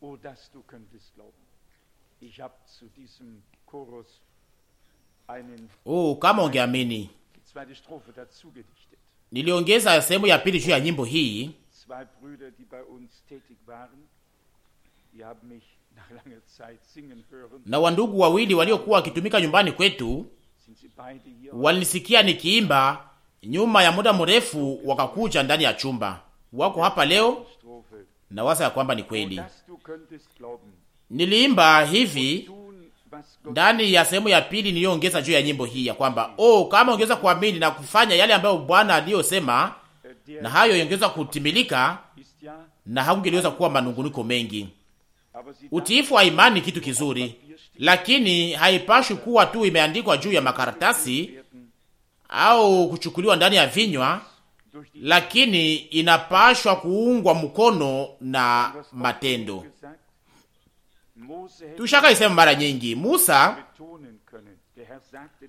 Oh, dass du könntest glauben. Ich habe zu diesem Chorus einen Oh, kama ungeamini. Niliongeza sehemu ya pili juu ya nyimbo hii. Zwei Brüder, die bei uns tätig waren, die haben mich nach langer Zeit singen hören. Na wandugu wawili waliokuwa wakitumika nyumbani kwetu walinisikia nikiimba nyuma ya muda mrefu, wakakuja ndani ya chumba. Wako hapa leo na wasa ya kwamba ni kweli. Niliimba hivi ndani ya sehemu ya pili niliyoongeza juu ya nyimbo hii ya kwamba oh, kama ungeweza kuamini na kufanya yale ambayo Bwana aliyosema, na hayo yangeweza kutimilika, na hakungeliweza kuwa manunguniko mengi. Utiifu wa imani kitu kizuri, lakini haipashwi kuwa tu imeandikwa juu ya makaratasi au kuchukuliwa ndani ya vinywa lakini inapashwa kuungwa mkono na matendo. isema mara nyingi, Musa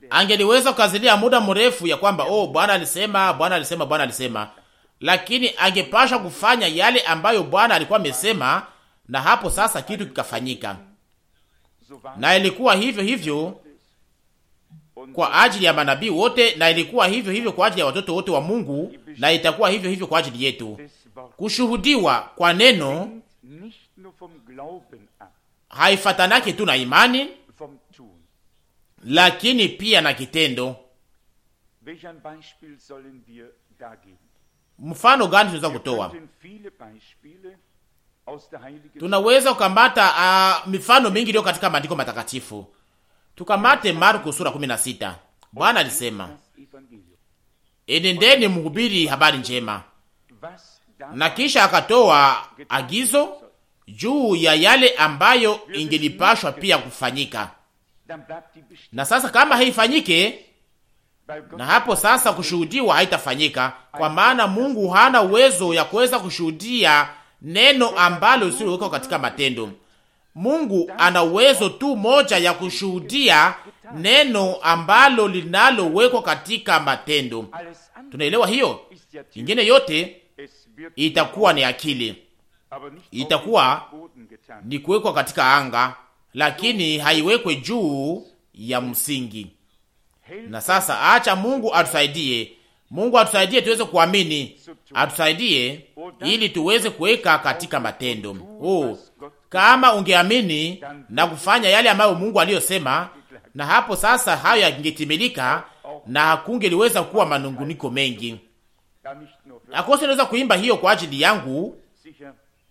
angeliweza kukazilia muda mrefu ya kwamba oh, Bwana alisema, Bwana alisema, Bwana alisema, lakini angepasha kufanya yale ambayo Bwana alikuwa amesema, na hapo sasa kitu kikafanyika, na ilikuwa hivyo hivyo kwa ajili ya manabii wote, na ilikuwa hivyo hivyo kwa ajili ya watoto wote wa Mungu, na itakuwa hivyo hivyo kwa ajili yetu. Kushuhudiwa kwa neno haifatanake tu na imani, lakini pia na kitendo. Mfano gani tunaweza kutoa? Tunaweza kukambata uh, ah, mifano mingi iliyo katika maandiko matakatifu Tukamate Marko sura 16. Bwana alisema, enendeni mhubiri habari njema, na kisha akatoa agizo juu ya yale ambayo ingelipashwa pia kufanyika. Na sasa kama haifanyike, na hapo sasa kushuhudiwa haitafanyika, kwa maana Mungu hana uwezo ya kuweza kushuhudia neno ambalo usilowekwa katika matendo. Mungu ana uwezo tu moja ya kushuhudia neno ambalo linalowekwa katika matendo. Tunaelewa hiyo, ingine yote itakuwa ni akili, itakuwa ni kuwekwa katika anga, lakini haiwekwe juu ya msingi. Na sasa acha Mungu atusaidie, Mungu atusaidie tuweze kuamini, atusaidie ili tuweze kuweka katika matendo. Oh, kama ungeamini na kufanya yale ambayo Mungu aliyosema, na hapo sasa hayo yangetimilika na hakungeliweza kuwa manunguniko mengi. Akose naweza kuimba hiyo kwa ajili yangu,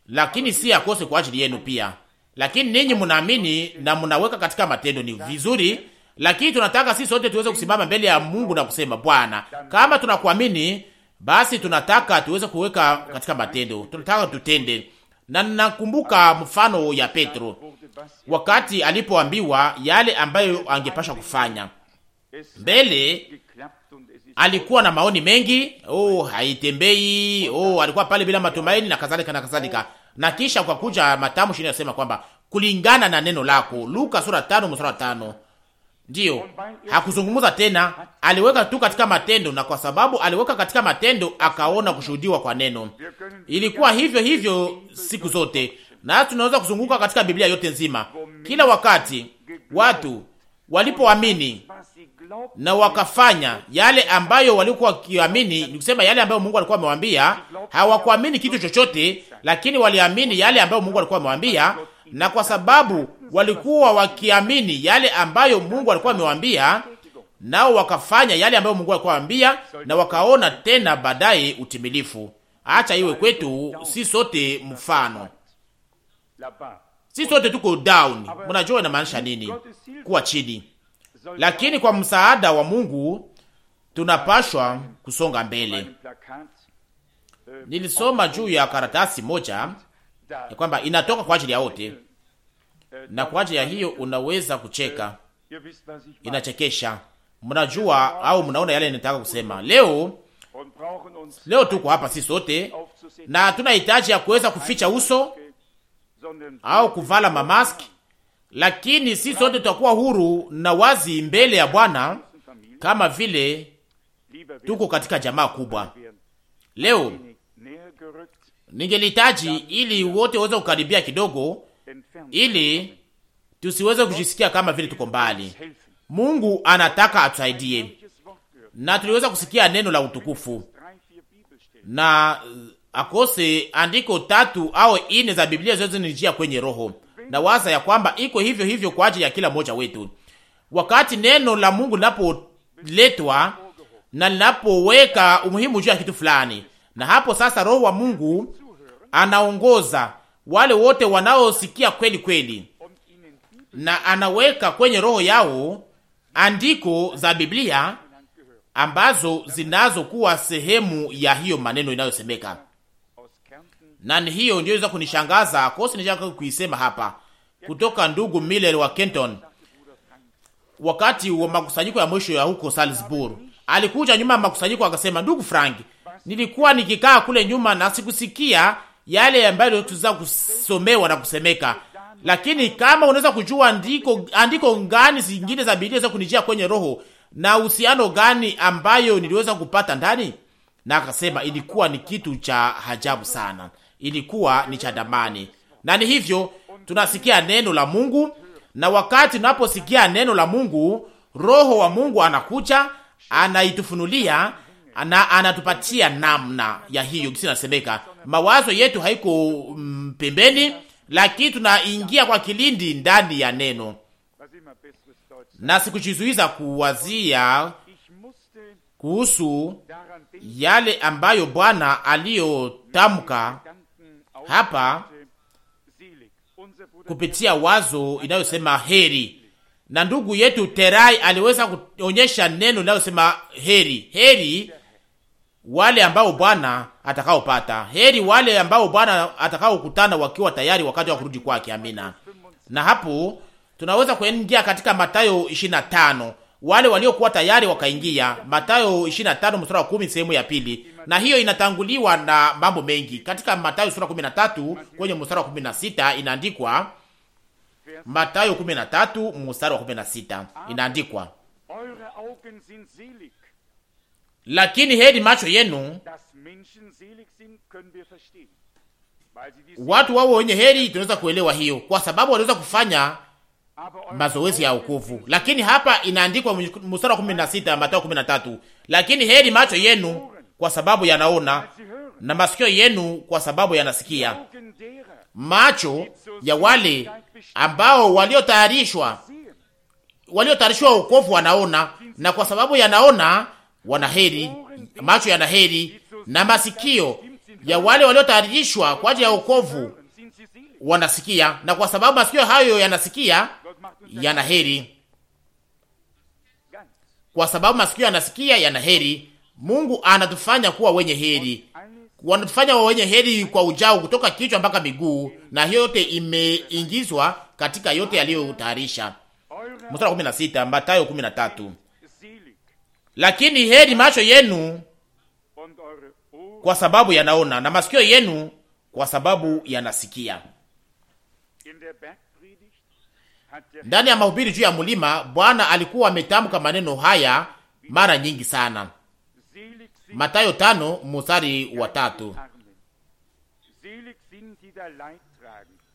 lakini si akose kwa ajili yenu pia. Lakini ninyi mnaamini na mnaweka katika matendo, ni vizuri, lakini tunataka sisi sote tuweze kusimama mbele ya Mungu na kusema, Bwana, kama tunakuamini, basi tunataka tuweze kuweka katika matendo, tunataka tutende na ninakumbuka mfano ya Petro wakati alipoambiwa yale ambayo angepasha kufanya mbele. Alikuwa na maoni mengi, oh, haitembei, oh, alikuwa pale bila matumaini na kadhalika na kadhalika, na kisha kwa kuja matamshi inayosema kwamba kulingana na neno lako, Luka sura tano mstari tano Ndiyo, hakuzungumza tena, aliweka tu katika matendo, na kwa sababu aliweka katika matendo akaona kushuhudiwa kwa neno. Ilikuwa hivyo hivyo siku zote, na tunaweza kuzunguka katika Biblia yote nzima. Kila wakati watu walipoamini na wakafanya yale ambayo walikuwa wakiamini, ni kusema yale ambayo Mungu alikuwa amewaambia. Hawakuamini kitu chochote, lakini waliamini yale ambayo Mungu alikuwa amewaambia, na kwa sababu walikuwa wakiamini yale ambayo Mungu alikuwa amewaambia, nao wakafanya yale ambayo Mungu alikuwa amewaambia, na wakaona tena baadaye utimilifu. Acha iwe kwetu si sote mfano, si sote tuko down. Mnajua inamaanisha nini kuwa chini, lakini kwa msaada wa Mungu tunapashwa kusonga mbele. Nilisoma juu ya karatasi moja ya kwamba inatoka kwa ajili ya wote na kwa ajili ya hiyo unaweza kucheka, inachekesha. Mnajua au mnaona yale nitaka kusema leo. Leo tuko hapa sisi sote na hatuna hitaji ya kuweza kuficha uso au kuvala mamaski, lakini sisi sote tutakuwa huru na wazi mbele ya Bwana kama vile tuko katika jamaa kubwa. Leo ningelihitaji ili wote waweze kukaribia kidogo ili tusiweze kujisikia kama vile tuko mbali. Mungu anataka atusaidie, na tuliweza kusikia neno la utukufu na uh, akose andiko tatu au ine za Biblia zinijia kwenye roho na waza ya kwamba iko hivyo hivyo kwa ajili ya kila mmoja wetu. Wakati neno la Mungu linapoletwa na linapoweka umuhimu juu ya kitu fulani, na hapo sasa Roho wa Mungu anaongoza wale wote wanaosikia kweli kweli, na anaweka kwenye roho yao andiko za Biblia ambazo zinazokuwa sehemu ya hiyo maneno inayosemeka, na ni hiyo ndio iweza kunishangaza kosi nishaa kuisema hapa kutoka ndugu Miller wa Kenton wakati wa makusanyiko ya mwisho ya huko Salzburg. Alikuja nyuma ya makusanyiko akasema, ndugu Frank, nilikuwa nikikaa kule nyuma na sikusikia yale ambayo tuza kusomewa na kusemeka. Lakini kama unaweza kujua andiko andiko gani zingine za Biblia za kunijia kwenye roho na uhusiano gani ambayo niliweza kupata ndani, na akasema ilikuwa ni kitu cha hajabu sana, ilikuwa ni cha damani. Na ni hivyo tunasikia neno la Mungu, na wakati tunaposikia neno la Mungu, roho wa Mungu anakuja anaitufunulia na anatupatia namna ya hiyo kisi nasemeka mawazo yetu haiko mm, pembeni, lakini tunaingia kwa kilindi ndani ya neno, na sikujizuiza kuwazia kuhusu yale ambayo Bwana aliyotamka hapa kupitia wazo inayosema heri, na ndugu yetu Terai aliweza kuonyesha neno linalosema heri. Heri wale ambao Bwana atakaopata. Heri wale ambao Bwana atakaokutana wakiwa tayari wakati wa kurudi kwake. Amina. Na hapo tunaweza kuingia katika Mathayo 25 wale waliokuwa tayari wakaingia, Mathayo 25 mstari wa 10, sehemu ya pili. Na hiyo inatanguliwa na mambo mengi katika Mathayo sura 13 kwenye mstari wa 16 inaandikwa, Mathayo 13 mstari wa 16 inaandikwa lakini heri macho yenu watu wao wenye heri, tunaweza kuelewa hiyo, kwa sababu wanaweza kufanya mazoezi ya wokovu. Lakini hapa inaandikwa mstari wa 16 Mathayo 13, lakini heri macho yenu kwa sababu yanaona na masikio yenu kwa sababu yanasikia. Macho ya wale ambao waliotayarishwa waliotayarishwa wokovu wanaona, na kwa sababu yanaona wanaheri, macho yanaheri na masikio ya wale waliotayarishwa kwa ajili ya wokovu wanasikia, na kwa sababu masikio hayo yanasikia, yanaheri. kwa sababu masikio yanasikia, yanaheri. Mungu anatufanya kuwa wenye heri, wanatufanya wa wenye heri kwa ujao, kutoka kichwa mpaka miguu, na hiyo yote imeingizwa katika yote aliyotayarisha. Mstari wa 16, Mathayo 13 lakini heri macho yenu kwa sababu yanaona, na masikio yenu kwa sababu yanasikia. Ndani ya mahubiri juu ya mlima, Bwana alikuwa ametamka maneno haya mara nyingi sana. Matayo tano mstari wa tatu.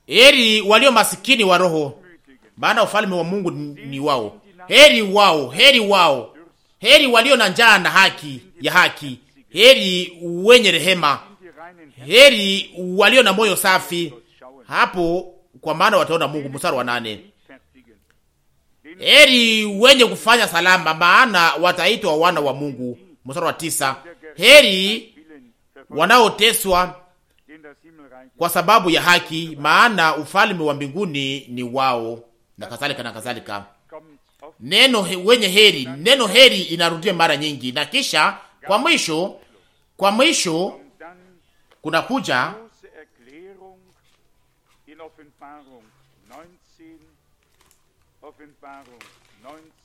Heri walio masikini wa roho, maana ufalme wa Mungu ni wao. Heri wao, heri wao Heri walio na njaa na haki ya haki, heri wenye rehema, heri walio na moyo safi, hapo kwa maana wataona Mungu. Mstari wa nane. Heri wenye kufanya salama, maana wataitwa wana wa Mungu. Mstari wa tisa. Heri wanaoteswa kwa sababu ya haki, maana ufalme wa mbinguni ni wao, na kadhalika na kadhalika neno wenye heri, neno heri inarudia mara nyingi, na kisha kwa mwisho, kwa mwisho kunakuja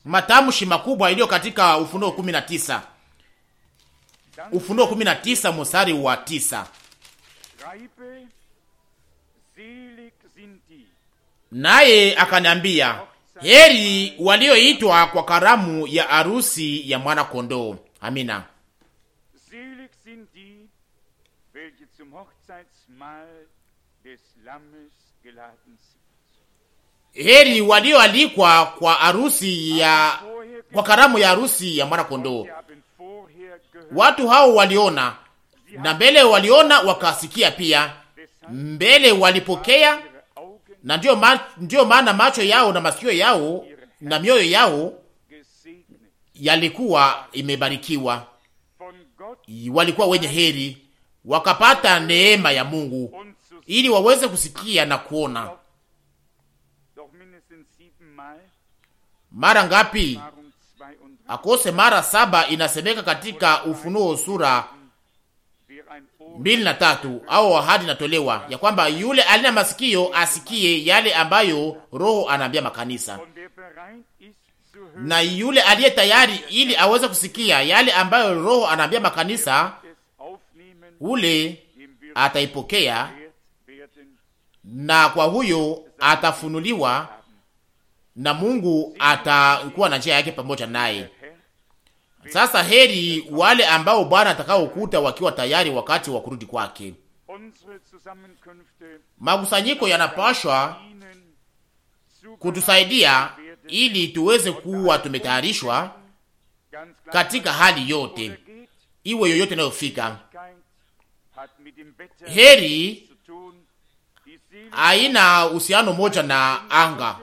matamshi makubwa iliyo katika Ufunuo 19, Ufunuo 19 mstari wa 9, naye akaniambia Heri walioitwa kwa karamu ya arusi ya mwana kondoo. Amina. Heri walioalikwa kwa arusi ya kwa karamu ya arusi ya mwana kondoo. Watu hao waliona na mbele waliona wakasikia, pia mbele walipokea na ndiyo, ma, maana macho yao na masikio yao na mioyo yao yalikuwa imebarikiwa, walikuwa wenye heri, wakapata neema ya Mungu ili waweze kusikia na kuona. Mara ngapi? Akose mara saba inasemeka katika Ufunuo sura mbili na tatu au ahadi inatolewa ya kwamba yule alina masikio asikie yale ambayo Roho anaambia makanisa, na yule aliye tayari ili aweze kusikia yale ambayo Roho anaambia makanisa, ule ataipokea, na kwa huyo atafunuliwa na Mungu atakuwa na njia yake pamoja naye. Sasa heri wale ambao Bwana atakaokuta wakiwa tayari wakati wa kurudi kwake. Makusanyiko yanapashwa kutusaidia ili tuweze kuwa tumetayarishwa katika hali yote, iwe yoyote inayofika. Heri haina uhusiano moja na anga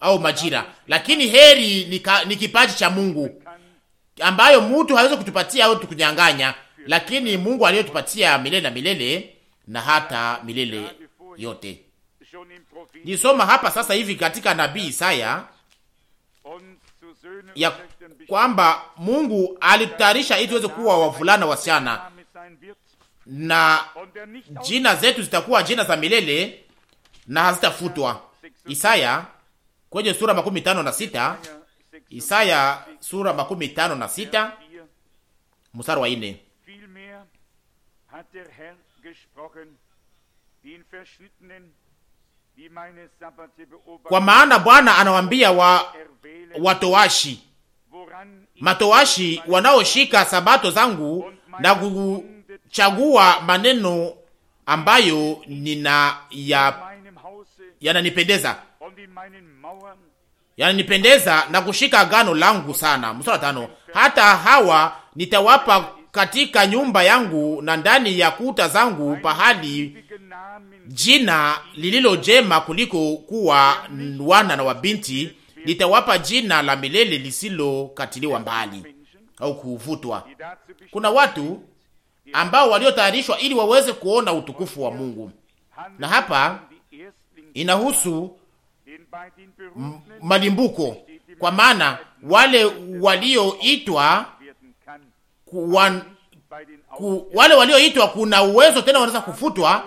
au majira, lakini heri ni, ka, ni kipaji cha Mungu ambayo mtu hawezi kutupatia au tukunyang'anya, lakini Mungu aliyotupatia milele na milele na hata milele yote. Nisoma hapa sasa hivi katika nabii Isaya ya kwamba Mungu alitutayarisha ili tuweze kuwa wavulana wasichana, na jina zetu zitakuwa jina za milele na hazitafutwa. Isaya kwenye sura makumi tano na sita Isaya sura makumi tano na sita mstari wa ine. Kwa maana Bwana anawambia wa matowashi matoashi wanaoshika sabato zangu na kuchagua maneno ambayo nina ya yananipendeza yananipendeza na kushika agano langu sana. Mstari tano, hata hawa nitawapa katika nyumba yangu na ndani ya kuta zangu pahali jina lililo jema kuliko kuwa wana na wabinti, nitawapa jina la milele lisilokatiliwa mbali au kuvutwa. Kuna watu ambao waliotayarishwa ili waweze kuona utukufu wa Mungu, na hapa inahusu malimbuko, kwa maana wale walioitwa ku, wale walioitwa kuna uwezo tena wanaweza kufutwa,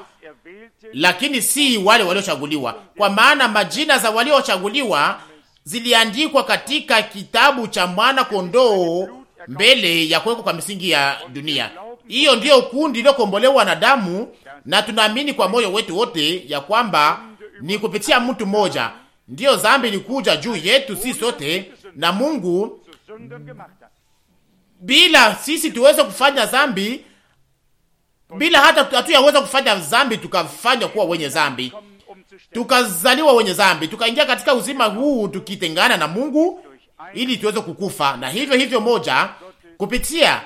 lakini si wale waliochaguliwa, kwa maana majina za waliochaguliwa ziliandikwa katika kitabu cha mwana kondoo mbele ya kuwekwa kwa misingi ya dunia. Hiyo ndiyo kundi iliyokombolewa na damu, na tunaamini kwa moyo wetu wote ya kwamba ni kupitia mtu mmoja, ndiyo zambi ilikuja juu yetu sisi sote, na Mungu bila sisi tuweze kufanya zambi bila hata hatuyaweza kufanya zambi tukafanywa kuwa wenye zambi tukazaliwa wenye zambi tukaingia katika uzima huu tukitengana na Mungu ili tuweze kukufa. Na hivyo hivyo moja, kupitia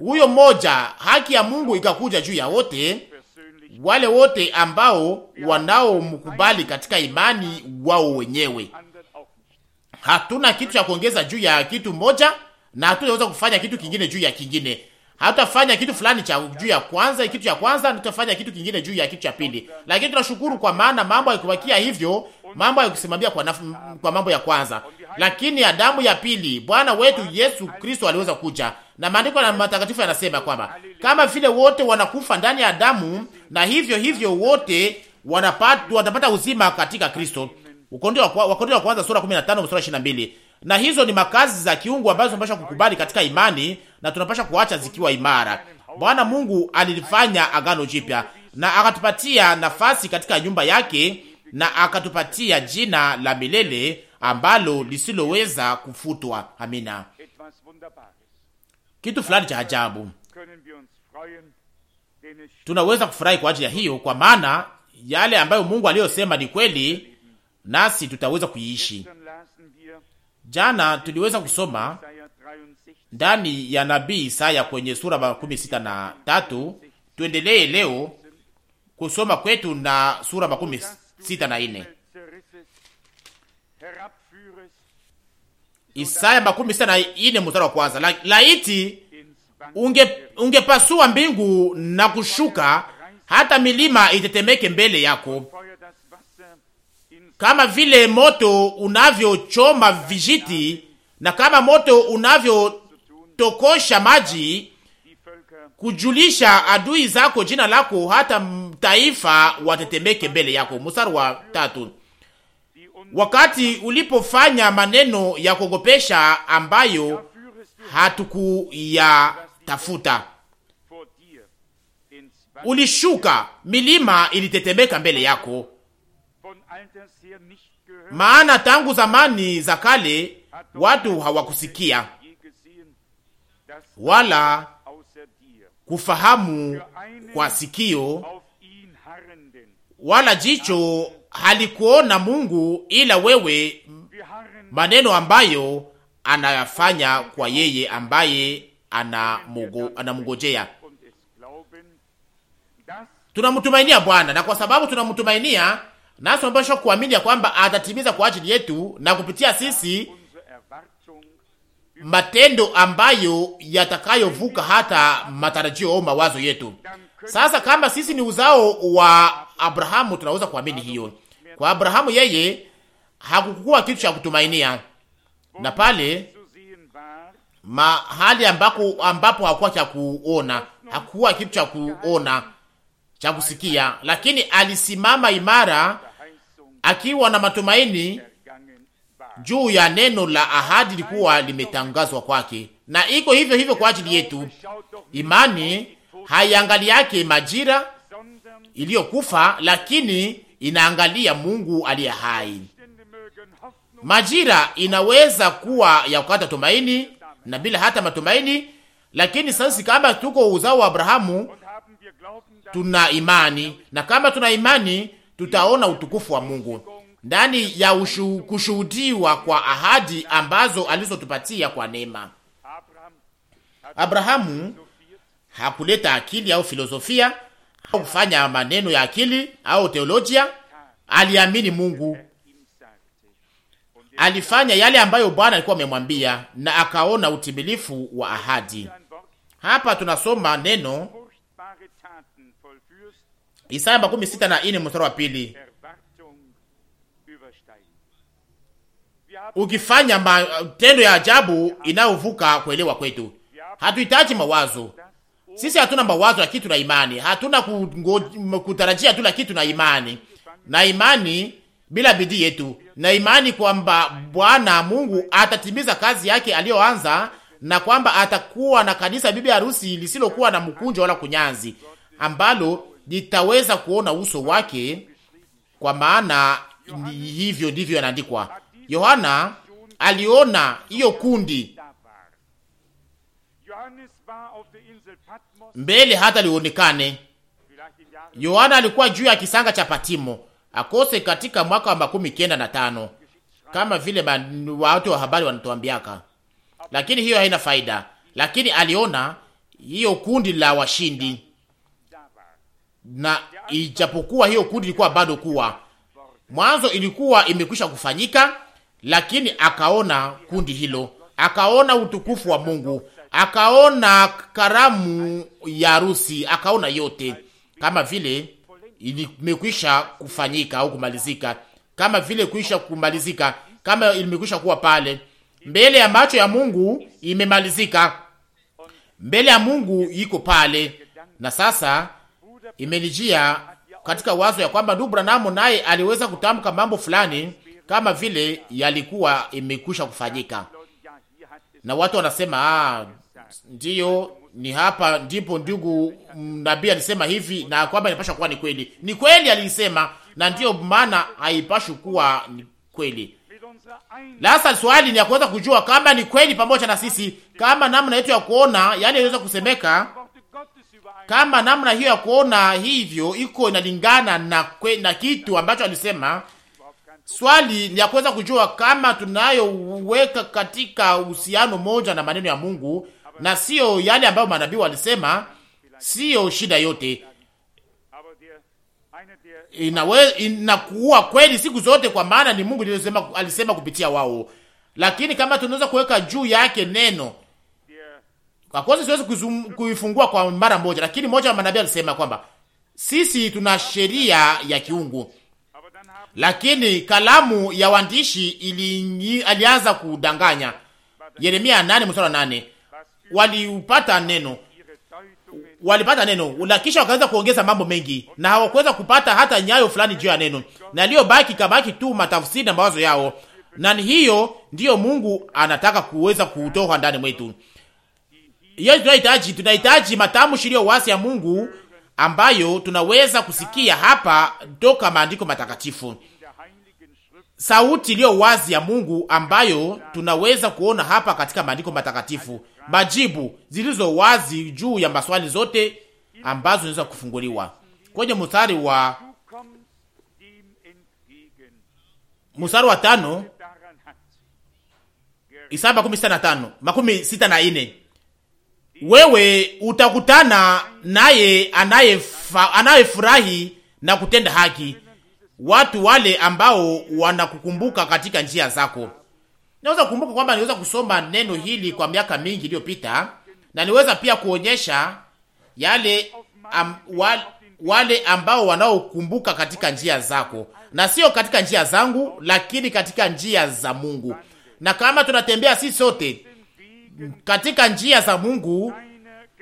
huyo moja, haki ya Mungu ikakuja juu ya wote wale wote ambao wanaomkubali katika imani wao wenyewe. Hatuna kitu cha kuongeza juu ya kitu moja na hatutaweza kufanya kitu kingine juu ya kingine. Hatutafanya kitu fulani cha juu ya kwanza, kitu cha kwanza, tutafanya kitu kingine juu ya kitu cha pili. Lakini tunashukuru kwa maana mambo yalikubakia hivyo mambo ya kusimamia kwa, naf, kwa mambo ya kwanza, lakini ya damu ya pili Bwana wetu Yesu Kristo aliweza kuja, na maandiko na matakatifu yanasema kwamba kama vile wote wanakufa ndani ya damu, na hivyo hivyo wote wanapata watapata uzima katika Kristo. Wakorintho wa kwanza sura 15 mstari 22. Na hizo ni makazi za kiungu ambazo tunapaswa kukubali katika imani na tunapaswa kuacha zikiwa imara. Bwana Mungu alifanya agano jipya na akatupatia nafasi katika nyumba yake na akatupatia jina la milele ambalo lisiloweza kufutwa. Amina. Kitu fulani cha ajabu, tunaweza kufurahi kwa ajili ya hiyo, kwa maana yale ambayo Mungu aliyosema ni kweli, nasi tutaweza kuiishi. Jana tuliweza kusoma ndani ya nabii Isaya kwenye sura makumi sita na tatu. Tuendelee leo kusoma kwetu na sura makumi sita na ine. Isaya makumi sita na ine mstari wa kwanza. Laiti unge ungepasua mbingu na kushuka, hata milima itetemeke mbele yako, kama vile moto unavyochoma vijiti na kama moto unavyotokosha maji kujulisha adui zako jina lako, hata taifa watetemeke mbele yako. Mstari wa tatu, wakati ulipofanya maneno ya kuogopesha ambayo hatukuyatafuta ulishuka, milima ilitetemeka mbele yako. Maana tangu zamani za kale watu hawakusikia wala kufahamu kwa sikio, wala jicho halikuona Mungu ila wewe, maneno ambayo anayafanya kwa yeye ambaye anamngojea. Tunamtumainia Bwana, na kwa sababu tunamtumainia, nasi tunapaswa kuamini ya kwamba atatimiza kwa ajili yetu na kupitia sisi matendo ambayo yatakayovuka hata matarajio au mawazo yetu. Sasa kama sisi ni uzao wa Abrahamu, tunaweza kuamini hiyo. Kwa Abrahamu, yeye hakukuwa kitu cha kutumainia, na pale mahali ambako ambapo hakuwa cha kuona, hakuwa kitu cha kuona cha kusikia, lakini alisimama imara akiwa na matumaini juu ya neno la ahadi likuwa limetangazwa kwake, na iko hivyo hivyo kwa ajili yetu. Imani haiangali yake majira iliyokufa, lakini inaangalia Mungu aliye hai. Majira inaweza kuwa ya kukata tumaini na bila hata matumaini, lakini sasa kama tuko uzao wa Abrahamu tuna imani, na kama tuna imani tutaona utukufu wa Mungu ndani ya ushu, kushuhudiwa kwa ahadi ambazo alizotupatia kwa neema. Abrahamu hakuleta akili au filosofia au kufanya maneno ya akili au teolojia. Aliamini Mungu, alifanya yale ambayo Bwana alikuwa amemwambia na akaona utimilifu wa ahadi. Hapa tunasoma neno Isaya makumi sita na mstari wa pili ukifanya matendo ya ajabu inayovuka kuelewa kwetu. Hatuhitaji mawazo sisi, hatuna mawazo, lakini tuna imani. Hatuna kutarajia tu, lakini tuna imani, na imani bila bidii yetu, na imani kwamba Bwana Mungu atatimiza kazi yake aliyoanza, na kwamba atakuwa na kanisa bibi harusi lisilokuwa na mkunjo wala kunyanzi, ambalo litaweza kuona uso wake, kwa maana hivyo ndivyo yanaandikwa. Yohana aliona hiyo kundi mbele hata lionekane. Yohana alikuwa juu ya kisanga cha Patimo akose katika mwaka wa makumi kenda na tano kama vile watu wa habari wanatuambiaka, lakini hiyo haina faida. Lakini aliona hiyo kundi la washindi, na ijapokuwa hiyo kundi ilikuwa bado kuwa mwanzo, ilikuwa imekwisha kufanyika lakini akaona kundi hilo, akaona utukufu wa Mungu, akaona karamu ya harusi, akaona yote kama vile imekwisha kufanyika au kumalizika, kama vile kuisha kumalizika, kama imekwisha kuwa pale mbele ya macho ya Mungu, imemalizika mbele ya Mungu, iko pale. Na sasa imenijia katika wazo ya kwamba ndugu Branamu naye aliweza kutamka mambo fulani kama vile yalikuwa imekwisha kufanyika, na watu wanasema ah, ndiyo, ni hapa ndipo ndugu nabii alisema hivi na kwamba inapasha kuwa ni kweli. Ni kweli alisema, na ndiyo maana haipashi kuwa ni kweli. Lasa swali ni ya kuweza kujua kama ni kweli pamoja na sisi, kama namna yetu ya kuona yani inaweza kusemeka, kama namna hiyo ya kuona hivyo iko inalingana na, kwe, na kitu ambacho alisema Swali ni ya kuweza kujua kama tunayoweka katika uhusiano moja na maneno ya Mungu na sio yale ambayo manabii walisema, sio shida yote inawe inakuwa kweli siku zote, kwa maana ni Mungu aliyosema, alisema kupitia wao. Lakini kama tunaweza kuweka juu yake neno, kwa kwanza, siwezi kuifungua kwa mara moja, lakini moja wa manabii alisema kwamba sisi tuna sheria ya kiungu lakini kalamu ya waandishi ili alianza kudanganya. Yeremia 8 mstari 8, waliupata neno walipata neno lakisha wakaweza kuongeza mambo mengi, na hawakuweza kupata hata nyayo fulani juu ya neno, na aliyobaki kabaki tu matafsiri na mawazo yao, na hiyo ndiyo Mungu anataka kuweza kutoa ndani mwetu. Hiyo tunahitaji, tunahitaji matamshi iliyo wasi ya Mungu ambayo tunaweza kusikia hapa toka maandiko matakatifu sauti iliyo wazi ya Mungu ambayo tunaweza kuona hapa katika maandiko matakatifu, majibu zilizo wazi juu ya maswali zote ambazo zinaweza kufunguliwa kwenye mstari wa mstari wa tano Isaya makumi sita na tano makumi sita na ine wewe utakutana naye anayefurahi na kutenda haki watu wale ambao wanakukumbuka katika njia zako. Naweza kukumbuka kwamba niweza kusoma neno hili kwa miaka mingi iliyopita, na niweza pia kuonyesha yale am, wale, wale ambao wanaokumbuka katika njia zako, na sio katika njia zangu, lakini katika njia za Mungu. Na kama tunatembea si sote katika njia za Mungu,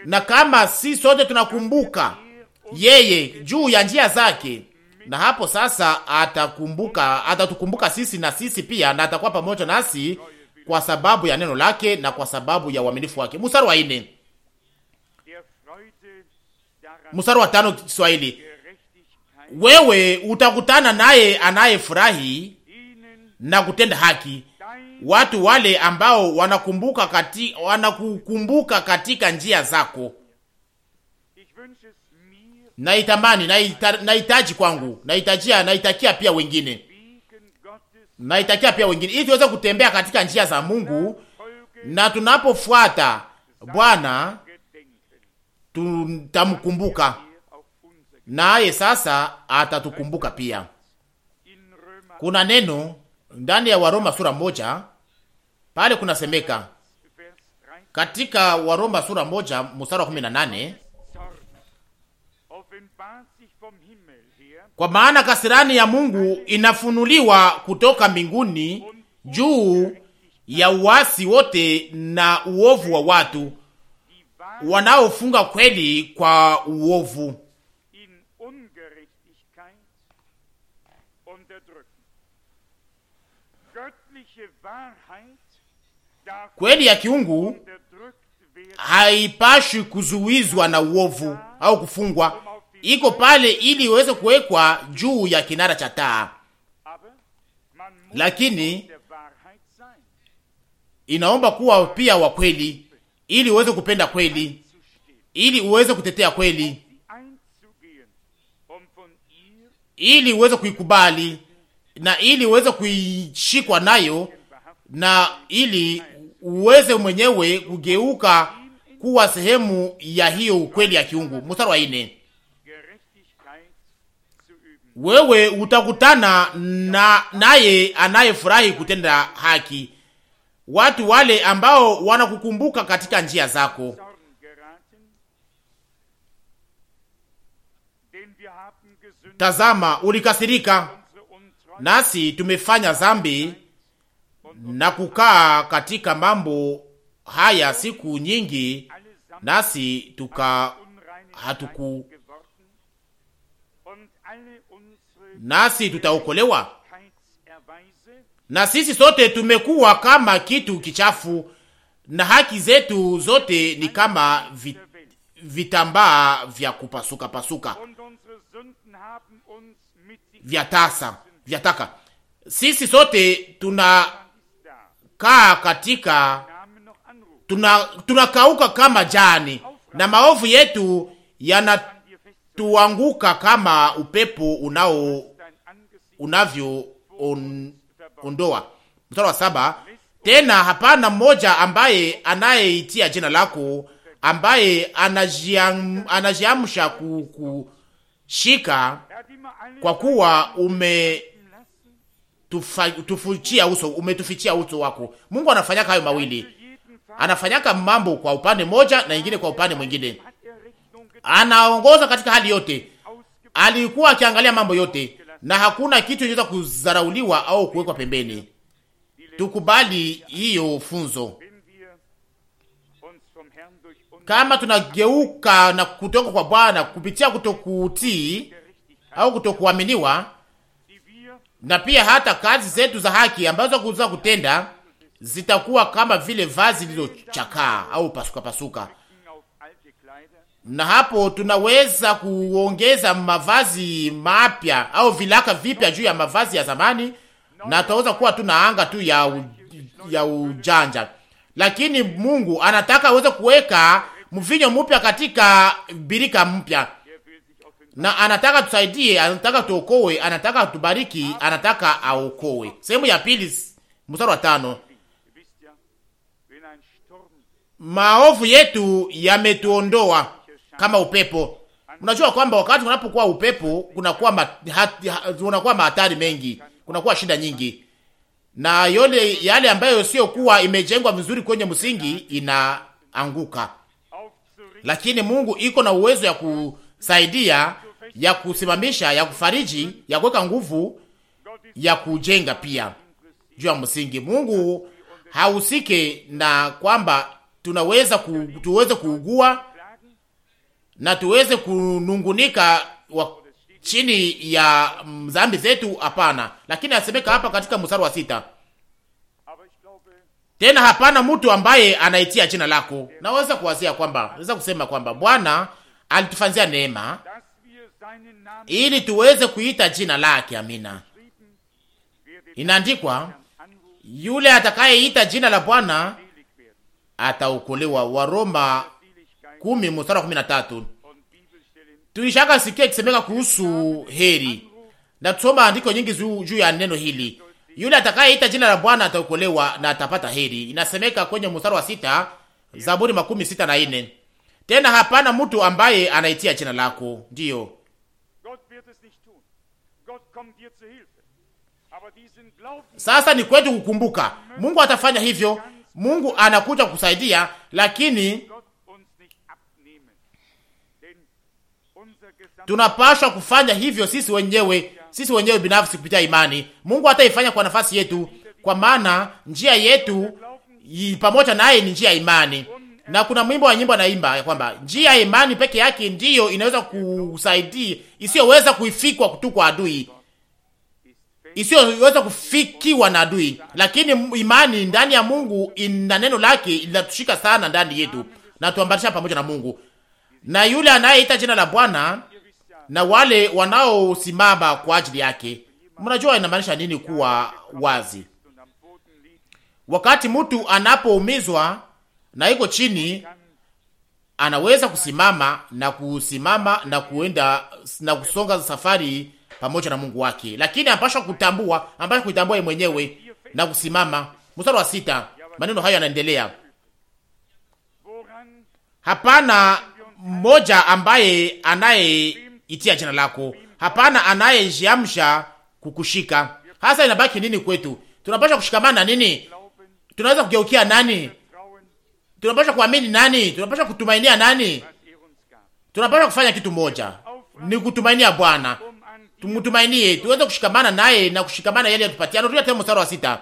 na kama si sote tunakumbuka yeye juu ya njia zake na hapo sasa atakumbuka, atatukumbuka sisi na sisi pia, na atakuwa pamoja nasi kwa sababu ya neno lake na kwa sababu ya uaminifu wake. Mstari wa nne, mstari wa tano Kiswahili, wewe utakutana naye anayefurahi na kutenda haki, watu wale ambao wanakumbuka kati, wanakukumbuka katika njia zako naitamani, nahitaji kwangu, nahitajia, naitakia pia wengine, naitakia pia wengine, ili tuweze kutembea katika njia za Mungu, na tunapofuata Bwana tutamkumbuka naye, sasa atatukumbuka pia. Kuna neno ndani ya Waroma sura moja pale kunasemeka katika Waroma sura moja mstari wa nane Kwa maana kasirani ya Mungu inafunuliwa kutoka mbinguni juu ya uasi wote na uovu wa watu wanaofunga kweli kwa uovu. Kweli ya kiungu haipashwi kuzuizwa na uovu au kufungwa iko pale ili iweze kuwekwa juu ya kinara cha taa, lakini inaomba kuwa pia wa kweli, ili uweze kupenda kweli, ili uweze kutetea kweli, ili uweze kuikubali na ili uweze kuishikwa nayo, na ili uweze mwenyewe kugeuka kuwa sehemu ya hiyo ukweli ya kiungu. Mstari wa nne wewe utakutana na naye anayefurahi kutenda haki, watu wale ambao wanakukumbuka katika njia zako. Tazama, ulikasirika nasi tumefanya dhambi na kukaa katika mambo haya siku nyingi, nasi tuka hatuku nasi tutaokolewa. Na sisi sote tumekuwa kama kitu kichafu, na haki zetu zote ni kama vit, vitambaa vya kupasuka pasuka vya tasa vya taka. Sisi sote tunakaa katika tunakauka tuna kama jani, na maovu yetu yana tuanguka kama upepo unao unavyo on, ondoa. Mstari wa saba, tena hapana mmoja ambaye anayeitia jina lako ambaye anajiamsha kukushika kwa kuwa ume tufuchia uso umetufichia uso wako. Mungu anafanyaka hayo mawili, anafanyaka mambo kwa upande moja na ingine kwa upande mwingine anaongoza katika hali yote, alikuwa akiangalia mambo yote na hakuna kitu kinachoweza kuzarauliwa au kuwekwa pembeni. Tukubali hiyo funzo. Kama tunageuka na kutoka kwa Bwana kupitia kutokutii au kutokuaminiwa, na pia hata kazi zetu za haki ambazo kuza kutenda zitakuwa kama vile vazi lililochakaa au pasukapasuka pasuka na hapo tunaweza kuongeza mavazi mapya au vilaka vipya juu ya mavazi ya zamani, na tunaweza kuwa tuna anga tu ya, u, ya ujanja, lakini Mungu anataka aweze kuweka mvinyo mpya katika birika mpya, na anataka tusaidie, anataka tuokoe, anataka tubariki, anataka aokoe. Sehemu ya pili mstari wa tano. Maovu yetu yametuondoa kama upepo. Unajua kwamba wakati unapokuwa upepo kunakuwa unakuwa mahatari mengi, kunakuwa shida nyingi, na yole yale ambayo sio kuwa imejengwa vizuri kwenye msingi inaanguka, lakini Mungu iko na uwezo ya kusaidia, ya kusimamisha, ya kufariji, ya kuweka nguvu, ya kujenga pia juu ya msingi. Mungu hahusike na kwamba tunaweza ku, tuweze kuugua na tuweze kunungunika wa chini ya dhambi zetu? Hapana, lakini asemeka hapa katika mstari wa sita tena hapana mtu ambaye anaitia jina lako. Naweza kuwazia kwamba naweza kusema kwamba Bwana alitufanzia neema ili tuweze kuita jina lake. Amina. Inaandikwa, yule atakayeita jina la Bwana ataokolewa, Waroma kumi mstari wa kumi na tatu tulishaka sikia ikisemeka kuhusu heri, na tusoma andiko nyingi juu ya neno hili, yule atakayeita jina la Bwana ataokolewa na atapata heri. Inasemeka kwenye mstari wa sita Zaburi makumi sita na ine tena hapana mtu ambaye anaitia jina lako. Ndiyo, sasa ni kwetu kukumbuka Mungu atafanya hivyo. Mungu anakuja kusaidia lakini tunapasha kufanya hivyo sisi wenyewe, sisi wenyewe binafsi kupitia imani. Mungu ataifanya kwa nafasi yetu, kwa maana njia yetu pamoja naye ni njia ya imani. Na kuna mwimbo wa nyimbo anaimba ya kwamba njia ya imani peke yake ndiyo inaweza kusaidia, isiyoweza kuifikwa tu kwa adui, isiyoweza kufikiwa na adui. Lakini imani ndani ya Mungu ina neno lake linatushika sana ndani yetu na tuambatisha pamoja na Mungu, na yule anayeita jina la Bwana na wale wanaosimama kwa ajili yake. Mnajua inamaanisha nini kuwa wazi? Wakati mtu anapoumizwa na iko chini, anaweza kusimama na kusimama na kuenda na kusonga safari pamoja na Mungu wake, lakini anapaswa kutambua, anapaswa kuitambua mwenyewe na kusimama. Mstari wa sita, maneno hayo yanaendelea Hapana mmoja ambaye anaye itia jina lako. Hapana anayejiamsha kukushika. Hasa inabaki nini kwetu? Tunapaswa kushikamana nini? Tunaweza kugeukia nani? Tunapaswa kuamini nani? Tunapaswa kutumainia nani? Tunapaswa kufanya kitu moja. Ni kutumainia Bwana. Tumtumainie, tuweze kushikamana naye na kushikamana yale yatupatia. Anarudia tena mstari wa sita.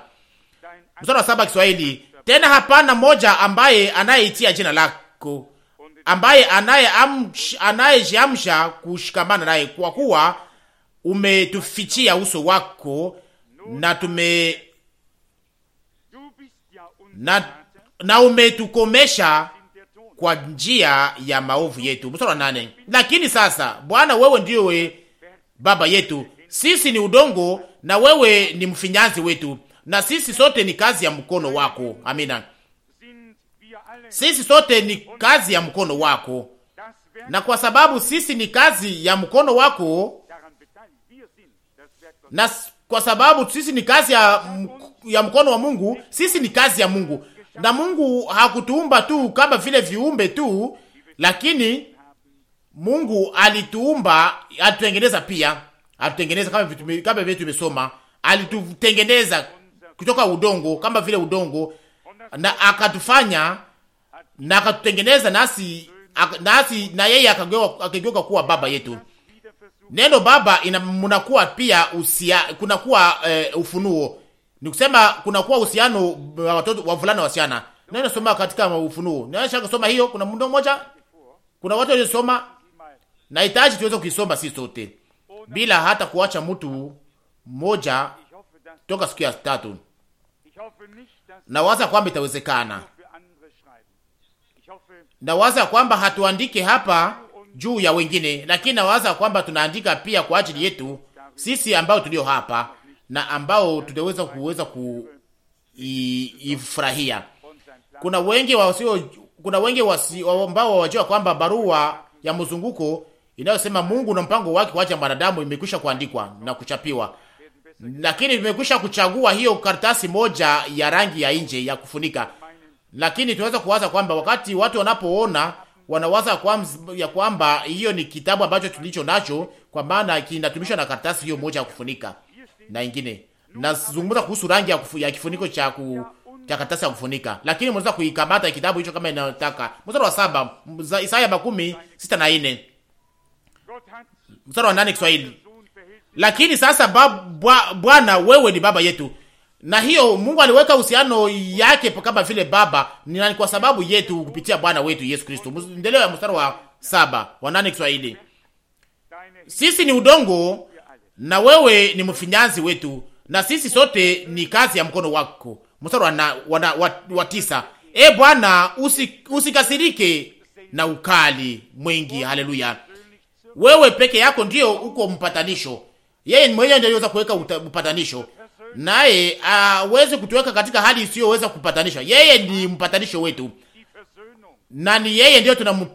Mstari wa saba Kiswahili. Tena hapana moja ambaye anayeitia jina lako ambaye anayejiamsha kushikamana naye, kwa kuwa umetufichia uso wako na tume na, na umetukomesha kwa njia ya maovu yetu. Mstari wa nane. Lakini sasa Bwana, wewe we baba yetu, sisi ni udongo na wewe ni mfinyanzi wetu, na sisi sote ni kazi ya mkono wako. Amina. Sisi sote ni kazi ya mkono wako, na kwa sababu sisi ni kazi ya mkono wako, na kwa sababu sisi ni kazi ya, ya mkono wa Mungu, sisi ni kazi ya Mungu, na Mungu hakutuumba tu kama vile viumbe tu, lakini Mungu alituumba, atutengeneza pia, alitutengeneza kama vitu kama vile tumesoma, alitutengeneza kutoka udongo kama vile udongo, na akatufanya na akatutengeneza nasi, ak, nasi na yeye akageuka kuwa baba yetu. Neno baba ina mnakuwa pia usia, kunakuwa eh, ufunuo ni kusema kunakuwa uhusiano wa watoto wa vulana wasichana. Neno soma katika ufunuo naisha kusoma hiyo, kuna mtu mmoja, kuna watu waliosoma, nahitaji tuweze kuisoma sisi sote bila hata kuacha mtu mmoja toka siku ya tatu. Nawaza kwamba itawezekana Nawaza kwamba hatuandike hapa juu ya wengine, lakini nawaza kwamba tunaandika pia kwa ajili yetu sisi ambao tulio hapa na ambao tutaweza kuweza kuifurahia. Kuna wengi wasio, kuna wengi wasi, ambao wajua kwamba barua ya mzunguko inayosema Mungu na mpango wake kwa ajili ya mwanadamu imekwisha kuandikwa na kuchapiwa, lakini imekwisha kuchagua hiyo karatasi moja ya rangi ya nje ya kufunika lakini tunaweza kuwaza kwamba wakati watu wanapoona wanawaza ya kwamba hiyo ni kitabu ambacho tulicho nacho, kwa maana kinatumishwa na karatasi hiyo moja ya kufunika na ingine. Nazungumza kuhusu rangi ya, kufu, ya kifuniko cha ku, cha karatasi ya kufunika, lakini mnaweza kuikamata kitabu hicho kama inataka. Mstari wa saba Isaya makumi sita na nne mstari wa nane Kiswahili. Lakini sasa Bwana, wewe ni baba yetu na hiyo Mungu aliweka uhusiano yake kama vile baba ni kwa sababu yetu kupitia Bwana wetu Yesu Kristo. Ndeleo ya mstari wa saba wa nane Kiswahili, sisi ni udongo na wewe ni mfinyanzi wetu, na sisi sote ni kazi ya mkono wako. Mstari wa, na, wa, na, wa, wa tisa, e Bwana usikasirike usi na ukali mwingi. Haleluya! Wewe peke yako ndio uko mpatanisho, yeye mwenyewe ndiye anaweza kuweka upatanisho naye aweze kutuweka katika hali isiyoweza kupatanisha. Yeye ni mpatanisho wetu, na ni yeye ndiyo tuna,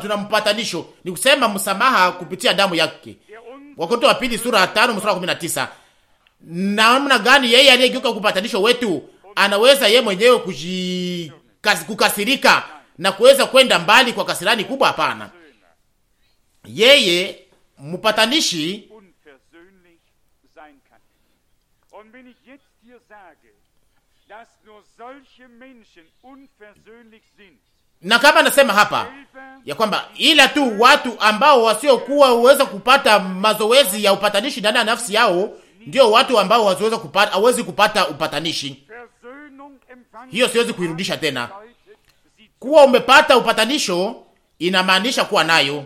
tuna mpatanisho, ni kusema msamaha kupitia damu yake. Wakorintho wa pili sura ya 5 mstari wa 19. Namna gani yeye aliyegeuka kupatanisho wetu anaweza yeye mwenyewe kukasirika na kuweza kwenda mbali kwa kasirani kubwa? Hapana, yeye mpatanishi Na kama anasema hapa ya kwamba ila tu watu ambao wasiokuwa uweza kupata mazoezi ya upatanishi ndani ya nafsi yao ndio watu ambao haziweza kupata hawezi kupata upatanishi. Hiyo siwezi kuirudisha tena. Kuwa umepata upatanisho inamaanisha kuwa nayo.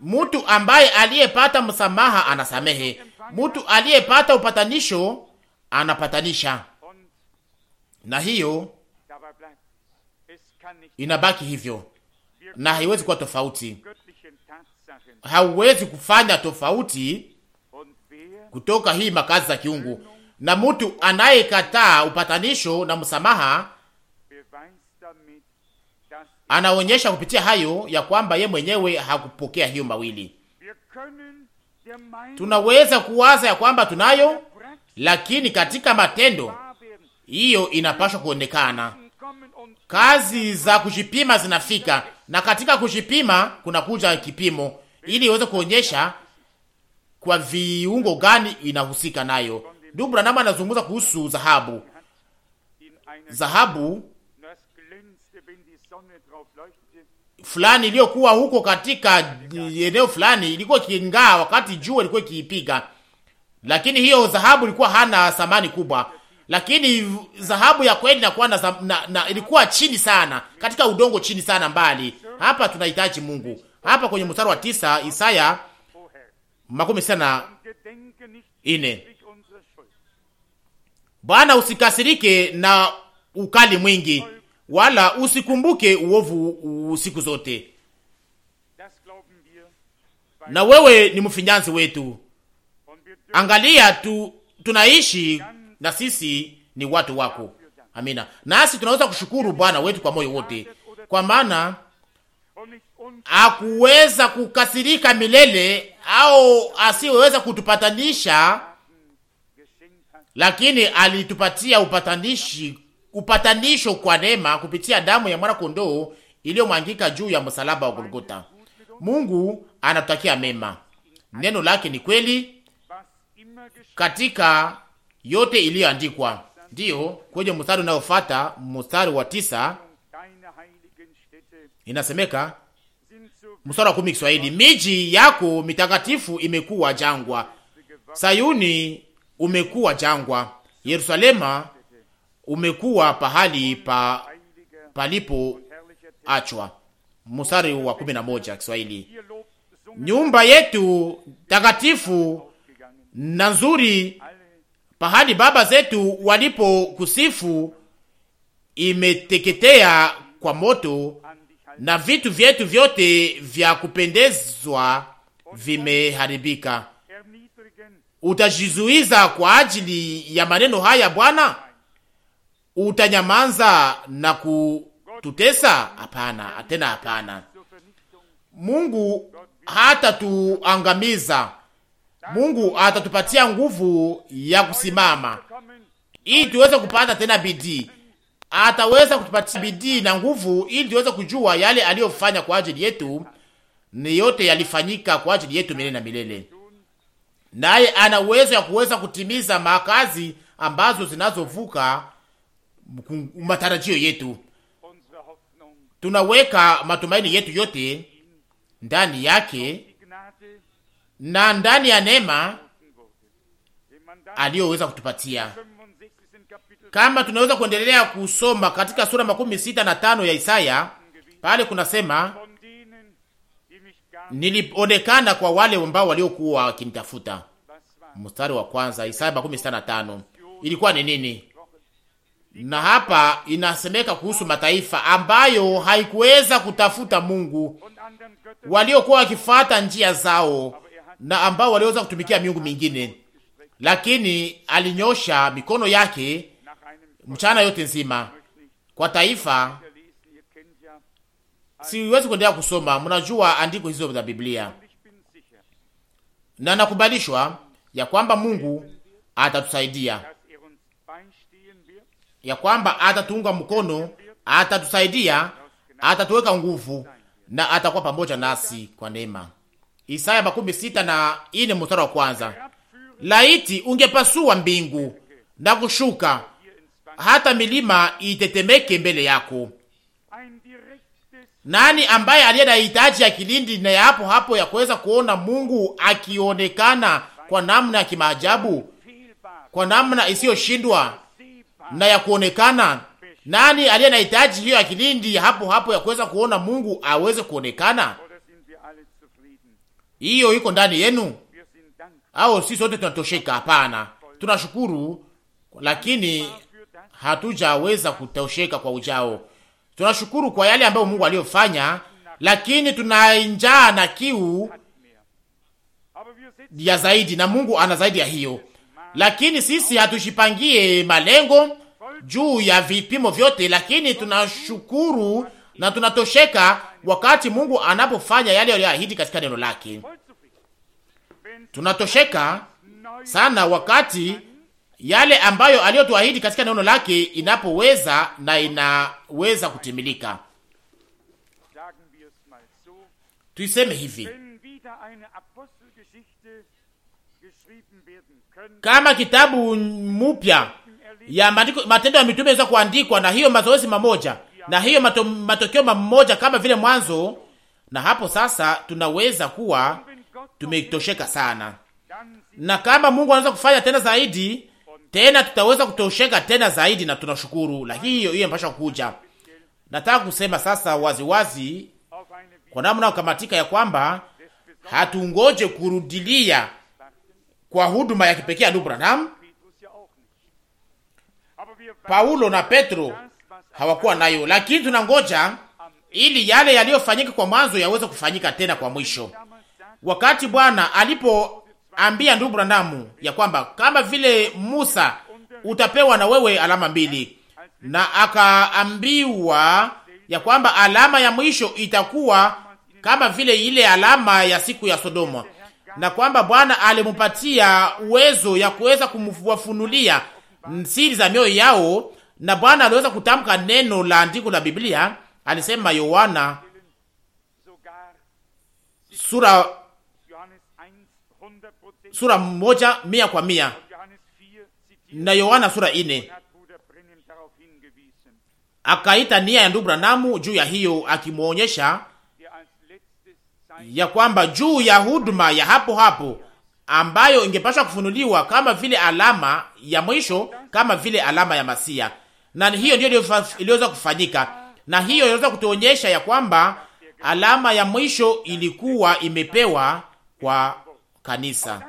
Mtu ambaye aliyepata msamaha anasamehe. Mtu aliyepata upatanisho anapatanisha na hiyo inabaki hivyo na haiwezi kuwa tofauti. Hauwezi kufanya tofauti kutoka hii makazi za kiungu, na mtu anayekataa upatanisho na msamaha anaonyesha kupitia hayo ya kwamba ye mwenyewe hakupokea hiyo mawili. Tunaweza kuwaza ya kwamba tunayo, lakini katika matendo hiyo inapaswa kuonekana. Kazi za kujipima zinafika, na katika kujipima kuja kipimo, ili iweze kuonyesha kwa viungo gani inahusika nayo. Ndugu Branham anazungumza kuhusu dhahabu. Dhahabu fulani iliyokuwa huko katika eneo fulani ilikuwa ikingaa wakati jua ilikuwa ikiipiga, lakini hiyo dhahabu ilikuwa hana thamani kubwa, lakini dhahabu ya kweli na, na, na, ilikuwa chini sana katika udongo chini sana mbali. Hapa tunahitaji Mungu. Hapa kwenye mstari wa tisa Isaya makumi sita na ine, Bwana usikasirike na ukali mwingi, wala usikumbuke uovu siku zote, na wewe ni mfinyanzi wetu. Angalia tu tunaishi na sisi ni watu wako. Amina. Nasi tunaweza kushukuru Bwana wetu kwa moyo wote, kwa maana akuweza kukasirika milele au asiweza kutupatanisha, lakini alitupatia upatanishi, upatanisho kwa neema kupitia damu ya mwana kondoo iliyomwangika juu ya msalaba wa Golgota. Mungu anatutakia mema, neno lake ni kweli katika yote iliyoandikwa. Ndiyo, kwenye mstari unayofata mstari wa tisa inasemeka, mstari wa kumi Kiswahili, miji yako mitakatifu imekuwa jangwa, Sayuni umekuwa jangwa, Yerusalema umekuwa pahali pa palipo achwa. Mstari wa kumi na moja Kiswahili, nyumba yetu takatifu na nzuri pahali baba zetu walipo kusifu imeteketea kwa moto na vitu vyetu vyote vya kupendezwa vimeharibika. Utajizuiza kwa ajili ya maneno haya Bwana? Utanyamanza na kututesa? Hapana, tena hapana. Mungu hatatuangamiza Mungu atatupatia nguvu ya kusimama ili tuweze kupata tena bidii. Ataweza kutupatia bidii na nguvu ili tuweze kujua yale aliyofanya kwa ajili yetu, ni yote yalifanyika kwa ajili yetu milele na milele, naye ana uwezo ya kuweza kutimiza makazi ambazo zinazovuka matarajio yetu. Tunaweka matumaini yetu yote ndani yake na ndani ya neema aliyoweza kutupatia. Kama tunaweza kuendelea kusoma katika sura makumi sita na tano ya Isaya, pale kunasema nilionekana kwa wale ambao waliokuwa wakinitafuta. Mstari wa kwanza, Isaya makumi sita na tano ilikuwa ni nini? Na hapa inasemeka kuhusu mataifa ambayo haikuweza kutafuta Mungu, waliokuwa wakifuata njia zao na ambao waliweza kutumikia miungu mingine, lakini alinyosha mikono yake mchana yote nzima kwa taifa. Siwezi kuendelea kusoma, mnajua andiko hizo za Biblia, na nakubalishwa ya kwamba Mungu atatusaidia, ya kwamba atatuunga mkono, atatusaidia, atatuweka nguvu na atakuwa pamoja nasi kwa neema. Isaya makumi sita na ine mstari wa kwanza. Laiti ungepasua mbingu na kushuka, hata milima itetemeke mbele yako. Nani ambaye aliye na hitaji ya kilindi na ya hapo hapo ya kuweza kuona Mungu akionekana kwa namna ya kimaajabu, kwa namna isiyoshindwa na ya kuonekana? Nani aliye na hitaji hiyo ya kilindi ya hapo hapo ya kuweza kuona Mungu aweze kuonekana? hiyo iko ndani yenu au si sote tunatosheka? Hapana, tunashukuru, lakini hatujaweza kutosheka kwa ujao. Tunashukuru kwa yale ambayo Mungu aliyofanya, lakini tunainjaa na kiu ya zaidi, na Mungu ana zaidi ya hiyo. Lakini sisi hatujipangie malengo juu ya vipimo vyote, lakini tunashukuru na tunatosheka wakati Mungu anapofanya yale aliyoahidi katika neno lake. Tunatosheka sana wakati yale ambayo aliyotuahidi katika neno lake inapoweza na inaweza kutimilika. Tuiseme hivi, kama kitabu mpya ya matendo ya mitume inaweza kuandikwa na hiyo mazoezi mamoja na hiyo mato, matokeo mamoja kama vile mwanzo, na hapo sasa tunaweza kuwa tumetosheka sana, na kama Mungu anaweza kufanya tena zaidi tena, tutaweza kutosheka tena zaidi, na tunashukuru. La hiyo hiyo mpasha kuja, nataka kusema sasa waziwazi wazi, kwa namna ukamatika ya kwamba hatungoje kurudilia kwa huduma ya kipekee ya ndugu Branham, Paulo na Petro hawakuwa nayo, lakini tunangoja ili yale yaliyofanyika kwa mwanzo yaweze kufanyika tena kwa mwisho. Wakati Bwana alipoambia ndugu Brandamu ya kwamba kama vile Musa utapewa na wewe alama mbili, na akaambiwa ya kwamba alama ya mwisho itakuwa kama vile ile alama ya siku ya Sodoma, na kwamba Bwana alimupatia uwezo ya kuweza kumwafunulia siri za mioyo yao na Bwana aliweza kutamka neno la andiko la Biblia, alisema Yohana sura sura moja mia kwa mia na Yohana sura ine akaita nia ya ndugu Branamu juu ya hiyo, akimwonyesha ya kwamba juu ya huduma ya hapo hapo ambayo ingepaswa kufunuliwa kama vile alama ya mwisho, kama vile alama ya Masia, na hiyo ndio iliweza kufanyika, na hiyo inaweza kutuonyesha ya kwamba alama ya mwisho ilikuwa imepewa kwa kanisa.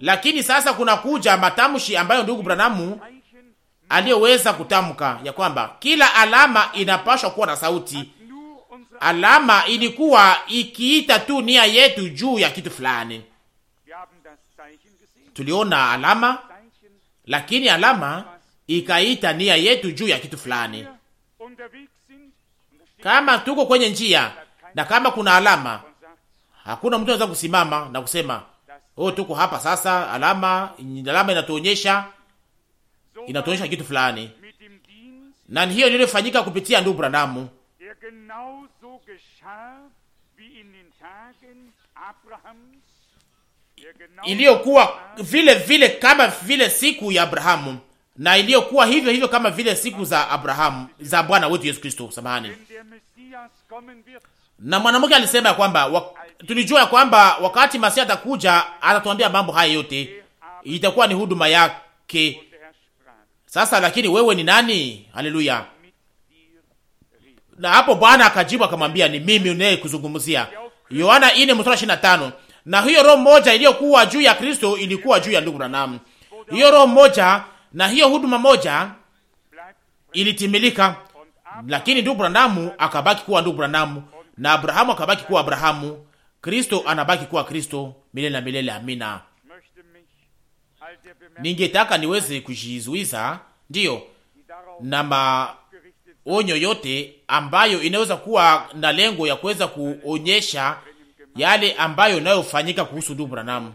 Lakini sasa kuna kuja matamshi ambayo ndugu Branamu aliyoweza kutamka ya kwamba kila alama inapashwa kuwa na sauti. Alama ilikuwa ikiita tu nia yetu juu ya kitu fulani. Tuliona alama, lakini alama ikaita nia yetu juu ya kitu fulani. Kama tuko kwenye njia na kama kuna alama, hakuna mtu anaweza kusimama na kusema oh, tuko hapa sasa. Alama, alama inatuonyesha inatuonyesha kitu fulani, na hiyo ndio ilifanyika kupitia ndugu Branham iliyokuwa vile vile kama vile siku ya Abrahamu na iliyokuwa hivyo hivyo kama vile siku za Abrahamu za Bwana wetu Yesu Kristo. Samahani. Na mwanamke alisema ya kwamba wa, tulijua ya kwamba wakati Masia atakuja atatuambia mambo haya yote, itakuwa ni huduma yake. Sasa lakini wewe ni nani? Haleluya! Na hapo Bwana akajibu akamwambia, ni mimi unaye kuzungumzia. Yohana 4:25. Na hiyo roho moja iliyokuwa juu ya Kristo ilikuwa juu ya ndugu Branham. Hiyo roho moja na hiyo huduma moja ilitimilika, lakini ndugu branamu akabaki kuwa ndugu branamu na Abrahamu akabaki kuwa Abrahamu. Kristo anabaki kuwa Kristo milele na milele. Amina. Ningetaka niweze kujizuiza ndiyo na maonyo yote ambayo inaweza kuwa na lengo ya kuweza kuonyesha yale ambayo inayofanyika kuhusu ndugu branamu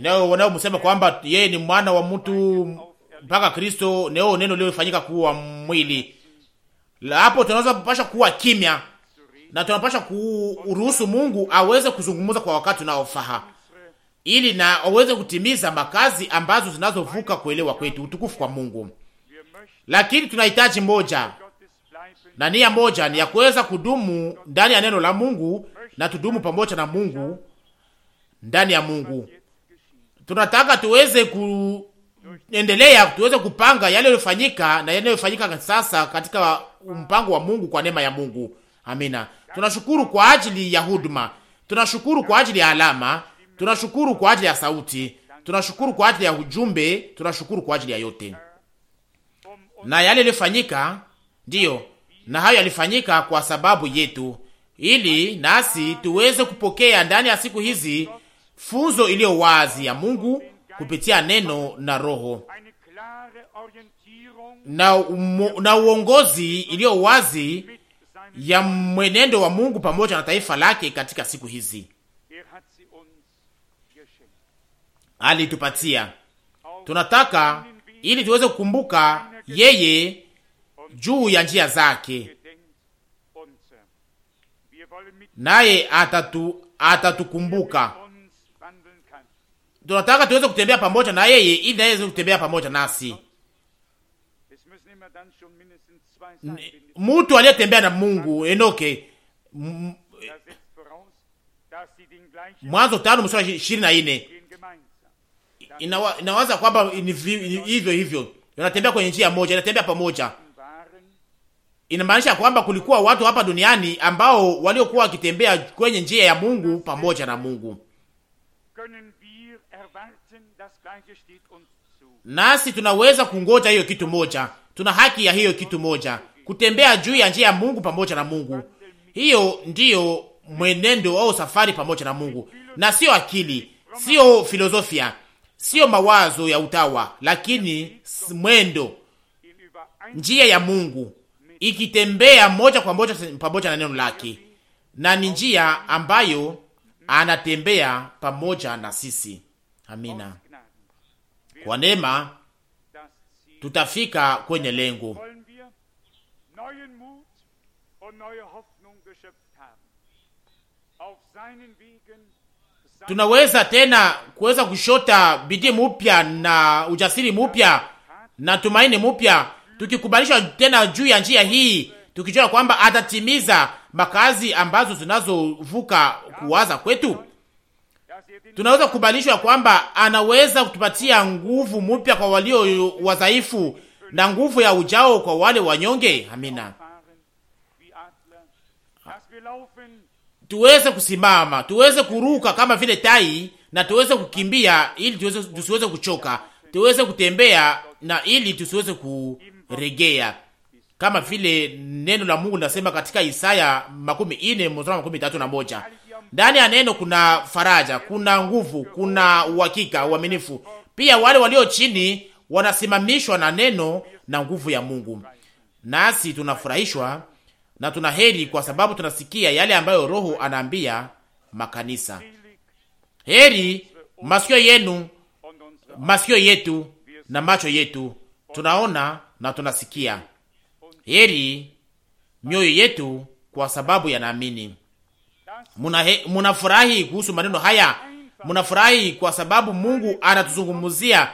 nao wanaomsema kwamba yeye ni mwana wa mtu mpaka Kristo, nao neno lilofanyika kuwa mwili. La hapo tunaweza kupasha kuwa kimya na tunapasha kuruhusu Mungu aweze kuzungumza kwa wakati unaofaa, ili na aweze kutimiza makazi ambazo zinazovuka kuelewa kwetu. Utukufu kwa Mungu. Lakini tunahitaji moja na nia moja ni ya kuweza kudumu ndani ya neno la Mungu na tudumu pamoja na Mungu ndani ya Mungu tunataka tuweze kuendelea, tuweze kupanga yale yaliyofanyika na yale yanayofanyika sasa katika mpango wa Mungu kwa neema ya Mungu. Amina. Tunashukuru kwa ajili ya huduma, tunashukuru kwa ajili ya alama, tunashukuru kwa ajili ya sauti, tunashukuru kwa ajili ya ujumbe, tunashukuru kwa ajili ya yote na yale yaliyofanyika. Ndiyo, na hayo yalifanyika kwa sababu yetu, ili nasi tuweze kupokea ndani ya siku hizi funzo iliyo wazi ya Mungu kupitia neno na Roho na, na uongozi iliyo wazi ya mwenendo wa Mungu pamoja na taifa lake katika siku hizi. Alitupatia, tunataka ili tuweze kukumbuka yeye juu ya njia zake, naye atatu atatukumbuka tunataka tuweze kutembea pamoja na yeye ili naye aweze kutembea pamoja nasi. Mtu aliyetembea na Mungu, Enoke, Mwanzo tano mstari ishirini na nne inawa, inawaza kwamba hivyo hivyo wanatembea kwenye njia moja, inatembea pamoja. Inamaanisha kwamba kulikuwa watu hapa duniani ambao waliokuwa wakitembea kwenye njia ya Mungu pamoja na Mungu nasi tunaweza kungoja hiyo kitu moja. Tuna haki ya hiyo kitu moja, kutembea juu ya njia ya Mungu pamoja na Mungu. Hiyo ndiyo mwenendo au safari pamoja na Mungu, na sio akili, sio filozofia, sio mawazo ya utawa, lakini mwendo, njia ya Mungu ikitembea moja kwa moja pamoja na neno lake, na ni njia ambayo anatembea pamoja na sisi. Amina. Kwa neema tutafika kwenye lengo. Tunaweza tena kuweza kushota bidii mupya na ujasiri mupya na tumaini mupya, tukikubalishwa tena juu ya njia hii, tukijua kwamba atatimiza makazi ambazo zinazovuka kuwaza kwetu tunaweza kukubalishwa kwamba anaweza kutupatia nguvu mpya kwa walio wadhaifu na nguvu ya ujao kwa wale wanyonge. Amina, tuweze kusimama, tuweze kuruka kama vile tai, na tuweze kukimbia ili tuweze, tusiweze kuchoka, tuweze kutembea na ili tusiweze kuregea, kama vile neno la Mungu linasema katika Isaya makumi ine mstari makumi tatu na moja. Ndani ya neno kuna faraja, kuna nguvu, kuna uhakika, uaminifu. Pia wale walio chini wanasimamishwa na neno na nguvu ya Mungu, nasi tunafurahishwa na tuna heri, kwa sababu tunasikia yale ambayo Roho anaambia makanisa. Heri masikio yenu, masikio yetu na macho yetu, tunaona na tunasikia. Heri mioyo yetu, kwa sababu yanaamini. Munafurahi kuhusu maneno haya, munafurahi kwa sababu Mungu anatuzungumzia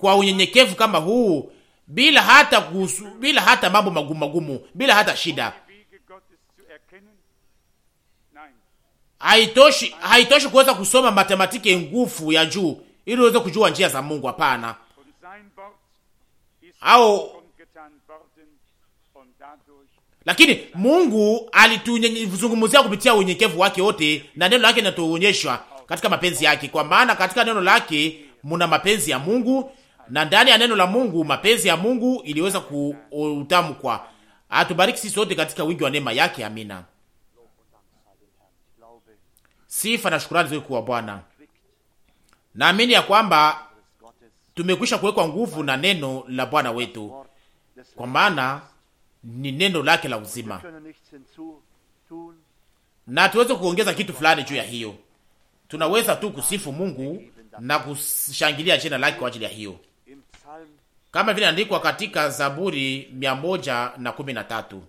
kwa unyenyekevu kama huu, bila hata kuhusu, bila hata mambo magumu magumu, bila hata shida. Haitoshi, haitoshi kuweza kusoma matematiki nguvu ya juu ili uweze kujua njia za Mungu. Hapana, au lakini Mungu alituzungumzia kupitia unyenyekevu wake wote, na neno lake linatuonyeshwa katika mapenzi yake, kwa maana katika neno lake muna mapenzi ya Mungu, na ndani ya neno la Mungu mapenzi ya Mungu iliweza kutamkwa. Atubariki sisi wote katika wingi wa neema yake. Amina. Sifa na shukrani zote kwa Bwana. Naamini ya kwamba tumekwisha kuwekwa nguvu na neno la Bwana wetu, kwa maana ni neno lake la uzima, na tuweze kuongeza kitu fulani juu ya hiyo. Tunaweza tu kusifu Mungu na kushangilia jina lake kwa ajili ya hiyo, kama vile andikwa katika Zaburi mia moja na kumi na tatu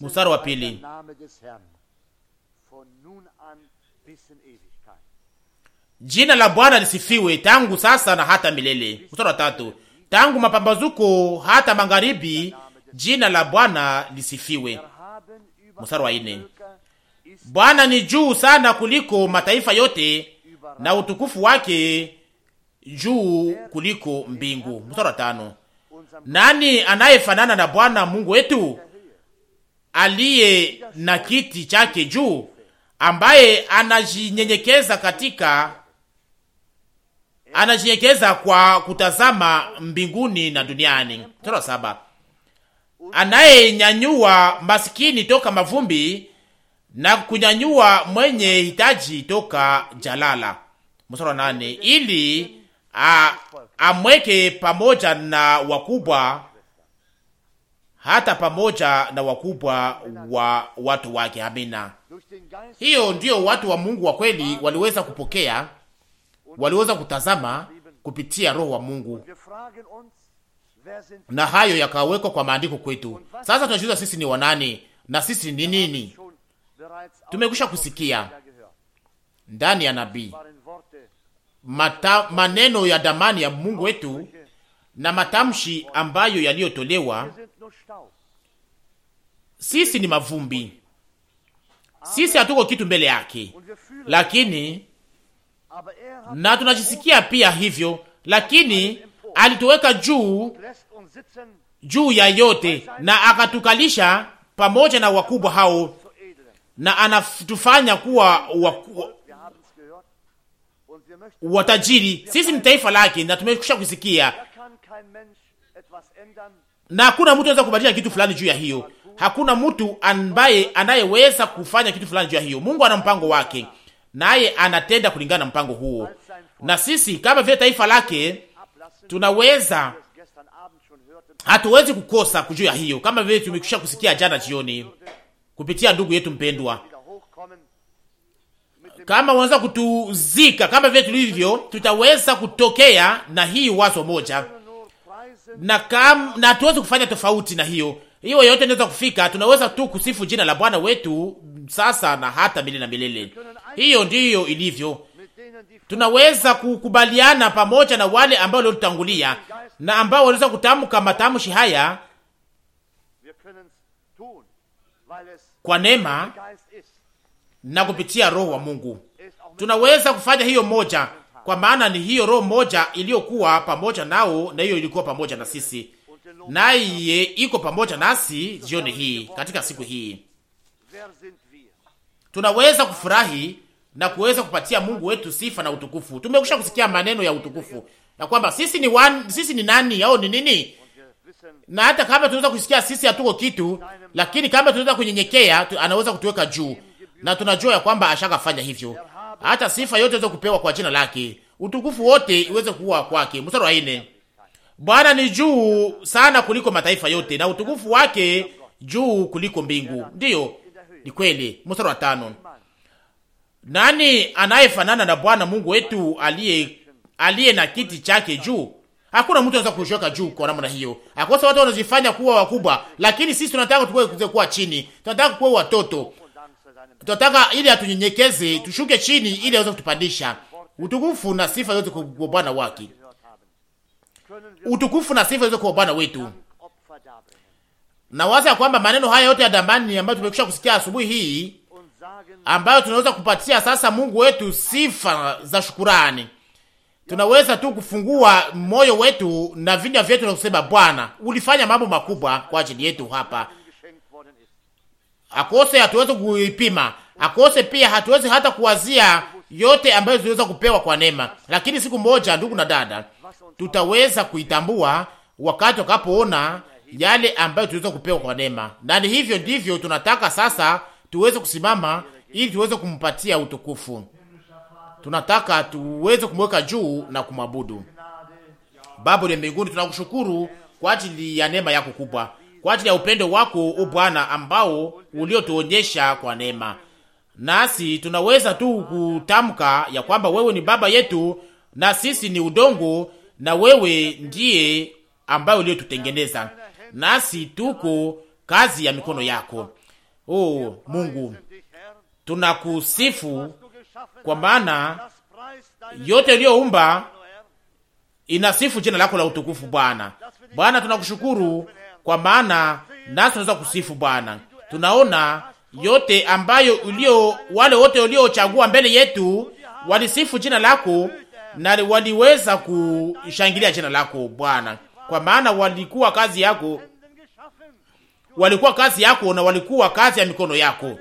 mstari wa pili jina la Bwana lisifiwe tangu sasa na hata milele. Mstari wa tatu tangu mapambazuko hata magharibi, jina la Bwana lisifiwe. Mstari wa nne. Bwana ni juu sana kuliko mataifa yote na utukufu wake juu kuliko mbingu. Mstari wa tano. Nani anayefanana na Bwana Mungu wetu aliye na kiti chake juu, ambaye anajinyenyekeza katika anajiegeza kwa kutazama mbinguni na duniani. Toro saba, anayenyanyua masikini toka mavumbi na kunyanyua mwenye hitaji toka jalala. Mstari wa nane, ili a, amweke pamoja na wakubwa hata pamoja na wakubwa wa watu wake. Amina. Hiyo ndiyo watu wa Mungu wa kweli waliweza kupokea waliweza kutazama kupitia Roho wa Mungu, na hayo yakawekwa kwa maandiko kwetu. Sasa tunajiuliza sisi ni wanani na sisi ni nini? Tumekwisha kusikia ndani ya nabii mata, maneno ya damani ya Mungu wetu na matamshi ambayo yaliyotolewa. Sisi ni mavumbi, sisi hatuko kitu mbele yake, lakini na tunajisikia pia hivyo, lakini alituweka juu juu ya yote na akatukalisha pamoja na wakubwa hao, na anatufanya kuwa waku, watajiri. Sisi ni taifa lake na tumekwisha kusikia, na hakuna mtu anaweza kubadilisha kitu fulani juu ya hiyo. Hakuna mtu ambaye anayeweza kufanya kitu fulani juu ya hiyo. Mungu ana mpango wake naye anatenda kulingana na mpango huo, na sisi kama vile taifa lake tunaweza hatuwezi kukosa kujua hiyo, kama vile tumekwisha kusikia jana jioni kupitia ndugu yetu mpendwa. Kama unaweza kutuzika kama vile tulivyo, tutaweza kutokea na hii wazo moja, na kam, na hatuwezi kufanya tofauti na hiyo hiyo yote inaweza kufika. Tunaweza tu kusifu jina la Bwana wetu sasa na hata milele na milele. Hiyo ndiyo ilivyo. Tunaweza kukubaliana pamoja na wale ambao waliotangulia na ambao waliweza kutamka matamshi haya kwa neema na kupitia Roho wa Mungu. Tunaweza kufanya hiyo moja, kwa maana ni hiyo Roho moja iliyokuwa pamoja nao na hiyo ilikuwa pamoja na sisi, naye iko pamoja nasi jioni hii katika siku hii tunaweza kufurahi na kuweza kupatia Mungu wetu sifa na utukufu. Tumekwisha kusikia maneno ya utukufu na kwamba sisi ni wan, sisi ni nani au ni nini, na hata kama tunaweza kusikia sisi hatuko kitu, lakini kama tunaweza kunyenyekea, tu, anaweza kutuweka juu, na tunajua ya kwamba ashakafanya hivyo. Hata sifa yote iweze kupewa kwa jina lake, utukufu wote iweze kuwa kwake. Mstari wa nne, Bwana ni juu sana kuliko mataifa yote na utukufu wake juu kuliko mbingu. Ndiyo, ni kweli. Mstari wa tano, nani anayefanana na Bwana Mungu wetu aliye aliye na kiti chake juu? Hakuna mtu anaweza kushoka juu kwa namna hiyo. Akosa watu wanazifanya kuwa wakubwa, lakini sisi tunataka tuwe kuze kuwa chini. Tunataka kuwa watoto. Tunataka ili atunyenyekeze, tushuke chini ili aweze kutupandisha. Utukufu na sifa zote kwa Bwana wake. Utukufu na sifa zote kwa Bwana wetu na waza ya kwamba maneno haya yote ya dambani ambayo tumekwisha kusikia asubuhi hii, ambayo tunaweza kupatia sasa Mungu wetu sifa za shukurani, tunaweza tu kufungua moyo wetu na vinywa vyetu na kusema, Bwana ulifanya mambo makubwa kwa ajili yetu hapa. Akose hatuwezi kuipima, akose pia hatuwezi hata kuwazia yote ambayo tunaweza kupewa kwa neema, lakini siku moja, ndugu na dada, tutaweza kuitambua wakati wakapoona yale ambayo tuliweza kupewa kwa neema, na ni hivyo ndivyo tunataka sasa tuweze kusimama ili tuweze kumpatia utukufu. Tunataka tuweze kumweka juu na kumwabudu. Baba ya mbinguni, tunakushukuru kwa ajili ya neema yako kubwa, kwa ajili ya upendo wako u Bwana ambao uliotuonyesha kwa neema, nasi tunaweza tu kutamka ya kwamba wewe ni baba yetu na sisi ni udongo, na wewe ndiye ambaye uliotutengeneza nasi tuko kazi ya mikono yako. Oh Mungu, tunakusifu kwa maana yote uliyoumba inasifu jina lako la utukufu Bwana. Bwana, tunakushukuru kwa maana nasi tunaweza kusifu Bwana. Tunaona yote ambayo ulio wale wote uliochagua mbele yetu walisifu jina lako na waliweza kushangilia jina lako Bwana kwa maana walikuwa kazi yako, walikuwa kazi yako na walikuwa kazi ya mikono yako,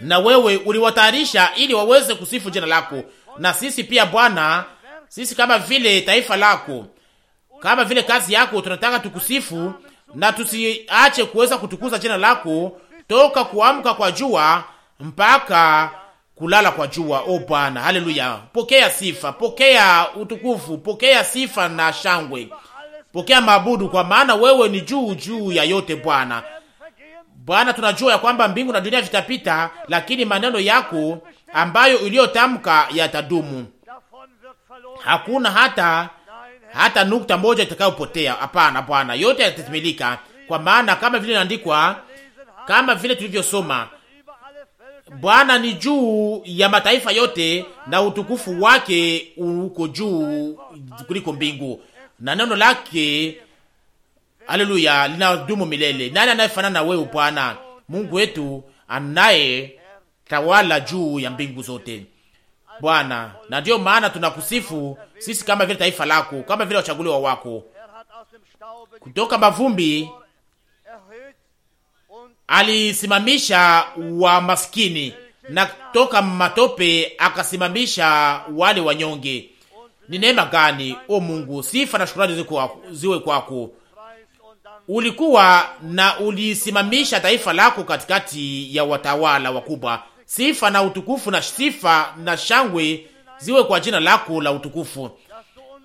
na wewe uliwatayarisha ili waweze kusifu jina lako. Na sisi pia Bwana, sisi kama vile taifa lako, kama vile kazi yako, tunataka tukusifu na tusiache kuweza kutukuza jina lako toka kuamka kwa jua mpaka kulala kwa jua. O Bwana, haleluya! Pokea sifa, pokea utukufu, pokea sifa na shangwe. Pokea maabudu, kwa maana wewe ni juu juu ya yote Bwana. Bwana, tunajua ya kwamba mbingu na dunia vitapita, lakini maneno yako ambayo uliyotamka yatadumu. Hakuna hata hata nukta moja itakayopotea. Hapana Bwana, yote yatatimilika, kwa maana kama vile inaandikwa, kama vile tulivyosoma, Bwana ni juu ya mataifa yote na utukufu wake uko juu kuliko mbingu na neno lake haleluya linadumu milele. Nani anayefanana na wewe Bwana Mungu wetu anaye tawala juu ya mbingu zote Bwana? Na ndiyo maana tunakusifu sisi kama vile taifa lako, kama vile wachaguliwa wako kutoka mavumbi alisimamisha wa maskini na toka matope akasimamisha wale wanyonge. Ni neema gani, o Mungu! Sifa na shukrani ziwe kwako. Ulikuwa na ulisimamisha taifa lako katikati ya watawala wakubwa. Sifa na utukufu na sifa na shangwe ziwe kwa jina lako la utukufu.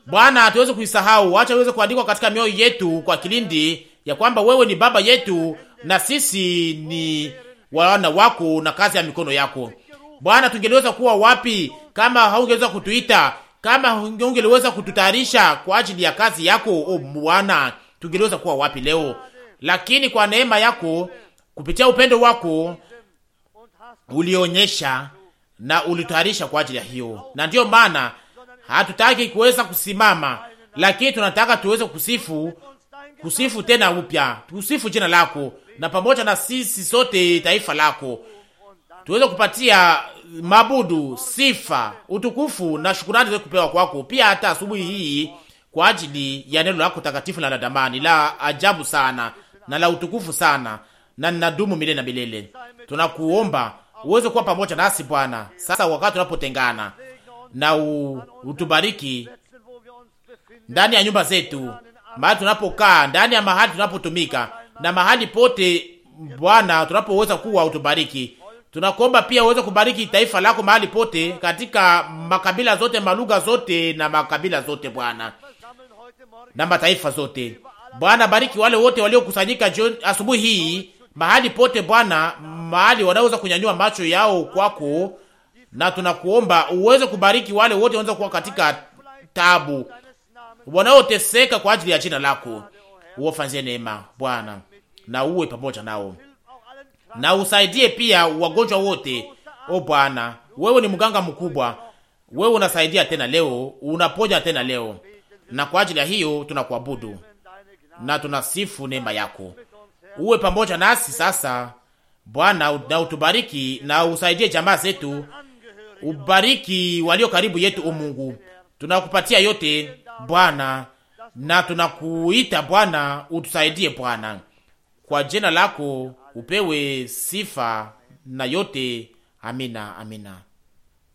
Bwana, hatuweze kuisahau, acha iweze kuandikwa katika mioyo yetu kwa kilindi ya kwamba wewe ni baba yetu na sisi ni wana wako na kazi ya mikono yako. Bwana, tungeliweza kuwa wapi kama haungeweza kutuita kama ungeliweza kututayarisha kwa ajili ya kazi yako, o Bwana, tungeliweza kuwa wapi leo? Lakini kwa neema yako, kupitia upendo wako ulionyesha na ulitayarisha kwa ajili ya hiyo, na ndiyo maana hatutaki kuweza kusimama, lakini tunataka tuweze kusifu kusifu tena upya, kusifu jina lako, na pamoja na sisi sote taifa lako tuweze kupatia mabudu, sifa, utukufu na shukurani zote kupewa kwako, pia hata asubuhi hii kwa ajili ya neno lako takatifu na la damani la ajabu sana na la utukufu sana na ninadumu milele na milele. Tunakuomba uweze kuwa pamoja nasi Bwana, sasa wakati tunapotengana, na u, utubariki ndani ya nyumba zetu, mahali tunapokaa, ndani ya mahali tunapotumika na mahali pote Bwana tunapoweza kuwa, utubariki Tunakuomba pia uweze kubariki taifa lako mahali pote, katika makabila zote, malugha zote na makabila zote Bwana, na mataifa zote Bwana. Bariki wale wote waliokusanyika asubuhi hii mahali pote Bwana, mahali wanaweza kunyanyua macho yao kwako, na tunakuomba uweze kubariki wale wote wanaweza kuwa katika tabu, wanaoteseka kwa ajili ya jina lako, uwafanzie neema Bwana, na uwe pamoja nao na usaidie pia wagonjwa wote. O Bwana, wewe ni mganga mkubwa, wewe unasaidia tena leo, unaponya tena leo, na kwa ajili ya hiyo tunakuabudu na tunasifu neema yako. Uwe pamoja nasi sasa Bwana, na utubariki na usaidie jamaa zetu, ubariki walio karibu yetu. O Mungu, tunakupatia yote Bwana na tunakuita Bwana, utusaidie Bwana, kwa jina lako upewe sifa na yote. Amina, amina.